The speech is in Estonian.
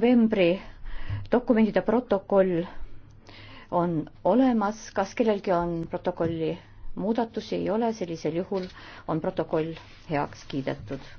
novembri dokumendide protokoll on olemas, kas kellelgi on protokolli muudatusi, ei ole, sellisel juhul on protokoll heaks kiidetud